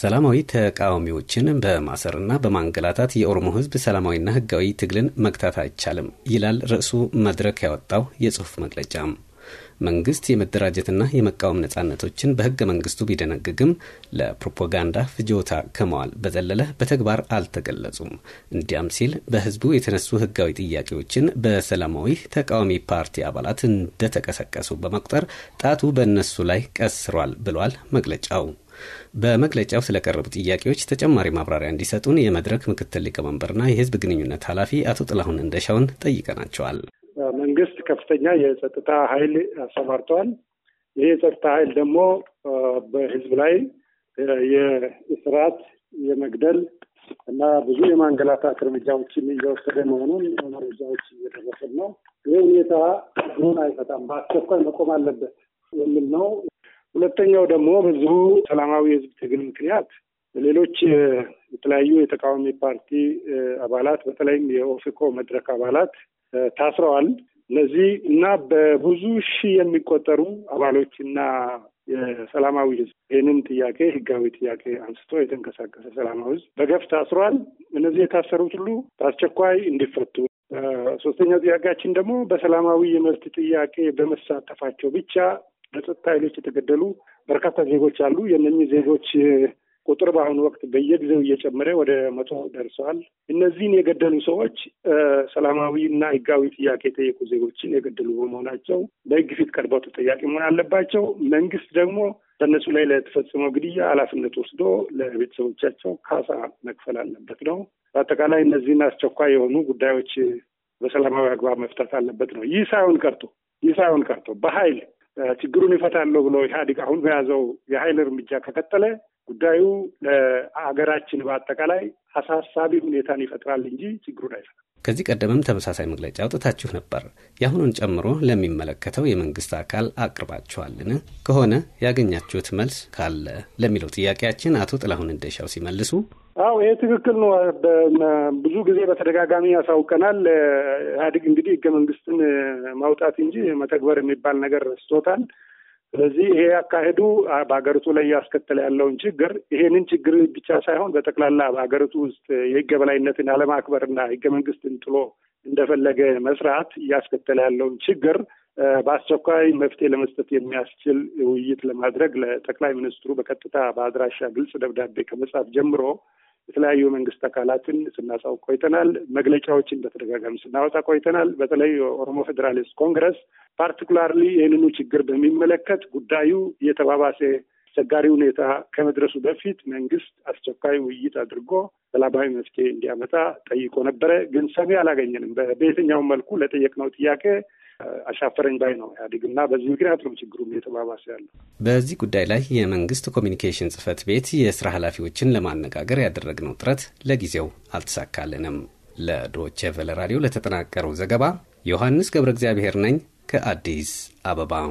ሰላማዊ ተቃዋሚዎችን በማሰርና በማንገላታት የኦሮሞ ህዝብ ሰላማዊና ህጋዊ ትግልን መግታት አይቻልም ይላል ርዕሱ መድረክ ያወጣው የጽሑፍ መግለጫ። መንግስት የመደራጀትና የመቃወም ነጻነቶችን በህገ መንግስቱ ቢደነግግም ለፕሮፓጋንዳ ፍጆታ ከመዋል በዘለለ በተግባር አልተገለጹም። እንዲያም ሲል በህዝቡ የተነሱ ህጋዊ ጥያቄዎችን በሰላማዊ ተቃዋሚ ፓርቲ አባላት እንደተቀሰቀሱ በመቁጠር ጣቱ በእነሱ ላይ ቀስሯል ብሏል መግለጫው። በመግለጫው ስለቀረቡ ጥያቄዎች ተጨማሪ ማብራሪያ እንዲሰጡን የመድረክ ምክትል ሊቀመንበርና የህዝብ ግንኙነት ኃላፊ አቶ ጥላሁን እንደሻውን ጠይቀናቸዋል። መንግስት ከፍተኛ የጸጥታ ኃይል አሰማርተዋል። ይህ የጸጥታ ኃይል ደግሞ በህዝብ ላይ የስርዓት የመግደል እና ብዙ የማንገላታት እርምጃዎችን እየወሰደ መሆኑን መረጃዎች እየደረሰን ነው። ይህ ሁኔታ ድሮን አይፈጣም፣ በአስቸኳይ መቆም አለበት የሚል ነው። ሁለተኛው ደግሞ ብዙ ሰላማዊ የህዝብ ትግል ምክንያት ሌሎች የተለያዩ የተቃዋሚ ፓርቲ አባላት በተለይም የኦፌኮ መድረክ አባላት ታስረዋል። እነዚህ እና በብዙ ሺህ የሚቆጠሩ አባሎች እና የሰላማዊ ህዝብ ይህንን ጥያቄ ህጋዊ ጥያቄ አንስቶ የተንቀሳቀሰ ሰላማዊ ህዝብ በገፍ ታስሯል። እነዚህ የታሰሩት ሁሉ በአስቸኳይ እንዲፈቱ። ሶስተኛው ጥያቄያችን ደግሞ በሰላማዊ የመብት ጥያቄ በመሳተፋቸው ብቻ በጸጥታ ኃይሎች የተገደሉ በርካታ ዜጎች አሉ። የእነኚህ ዜጎች ቁጥር በአሁኑ ወቅት በየጊዜው እየጨመረ ወደ መቶ ደርሰዋል። እነዚህን የገደሉ ሰዎች ሰላማዊ እና ሕጋዊ ጥያቄ የጠየቁ ዜጎችን የገደሉ በመሆናቸው በሕግ ፊት ቀርበው ተጠያቂ መሆን አለባቸው። መንግስት ደግሞ በእነሱ ላይ ለተፈጸመው ግድያ ኃላፊነት ወስዶ ለቤተሰቦቻቸው ካሳ መክፈል አለበት ነው። በአጠቃላይ እነዚህን አስቸኳይ የሆኑ ጉዳዮች በሰላማዊ አግባብ መፍታት አለበት ነው። ይህ ሳይሆን ቀርቶ ይህ ሳይሆን ቀርቶ በኃይል ችግሩን ይፈታለሁ ብሎ ኢህአዴግ አሁን በያዘው የሀይል እርምጃ ከቀጠለ ጉዳዩ ለአገራችን በአጠቃላይ አሳሳቢ ሁኔታን ይፈጥራል እንጂ ችግሩን አይፈታም። ከዚህ ቀደምም ተመሳሳይ መግለጫ አውጥታችሁ ነበር። የአሁኑን ጨምሮ ለሚመለከተው የመንግስት አካል አቅርባችኋልን? ከሆነ ያገኛችሁት መልስ ካለ ለሚለው ጥያቄያችን አቶ ጥላሁን እንደሻው ሲመልሱ አው ይሄ ትክክል ነው። ብዙ ጊዜ በተደጋጋሚ ያሳውቀናል። ኢህአዴግ እንግዲህ ህገ መንግስትን ማውጣት እንጂ መተግበር የሚባል ነገር ረስቶታል። ስለዚህ ይሄ አካሄዱ በሀገሪቱ ላይ እያስከተለ ያለውን ችግር ይሄንን ችግር ብቻ ሳይሆን በጠቅላላ በሀገሪቱ ውስጥ የህገ በላይነትን አለማክበርና ህገ መንግስትን ጥሎ እንደፈለገ መስራት እያስከተለ ያለውን ችግር በአስቸኳይ መፍትሄ ለመስጠት የሚያስችል ውይይት ለማድረግ ለጠቅላይ ሚኒስትሩ በቀጥታ በአድራሻ ግልጽ ደብዳቤ ከመጻፍ ጀምሮ የተለያዩ የመንግስት አካላትን ስናሳውቅ ቆይተናል። መግለጫዎችን በተደጋጋሚ ስናወጣ ቆይተናል። በተለይ የኦሮሞ ፌዴራሊስት ኮንግረስ ፓርቲኩላርሊ ይህንኑ ችግር በሚመለከት ጉዳዩ እየተባባሰ አስቸጋሪ ሁኔታ ከመድረሱ በፊት መንግስት አስቸኳይ ውይይት አድርጎ ሰላማዊ መፍትሄ እንዲያመጣ ጠይቆ ነበረ። ግን ሰሚ አላገኘንም። በየትኛውም መልኩ ለጠየቅነው ጥያቄ አሻፈረኝ ባይ ነው ኢህአዴግ እና በዚህ ምክንያት ነው ችግሩም እየተባባሰ ያለው። በዚህ ጉዳይ ላይ የመንግስት ኮሚኒኬሽን ጽህፈት ቤት የስራ ኃላፊዎችን ለማነጋገር ያደረግነው ጥረት ለጊዜው አልተሳካልንም። ለዶቼ ቨለ ራዲዮ ለተጠናቀረው ዘገባ ዮሐንስ ገብረ እግዚአብሔር ነኝ ከአዲስ አበባ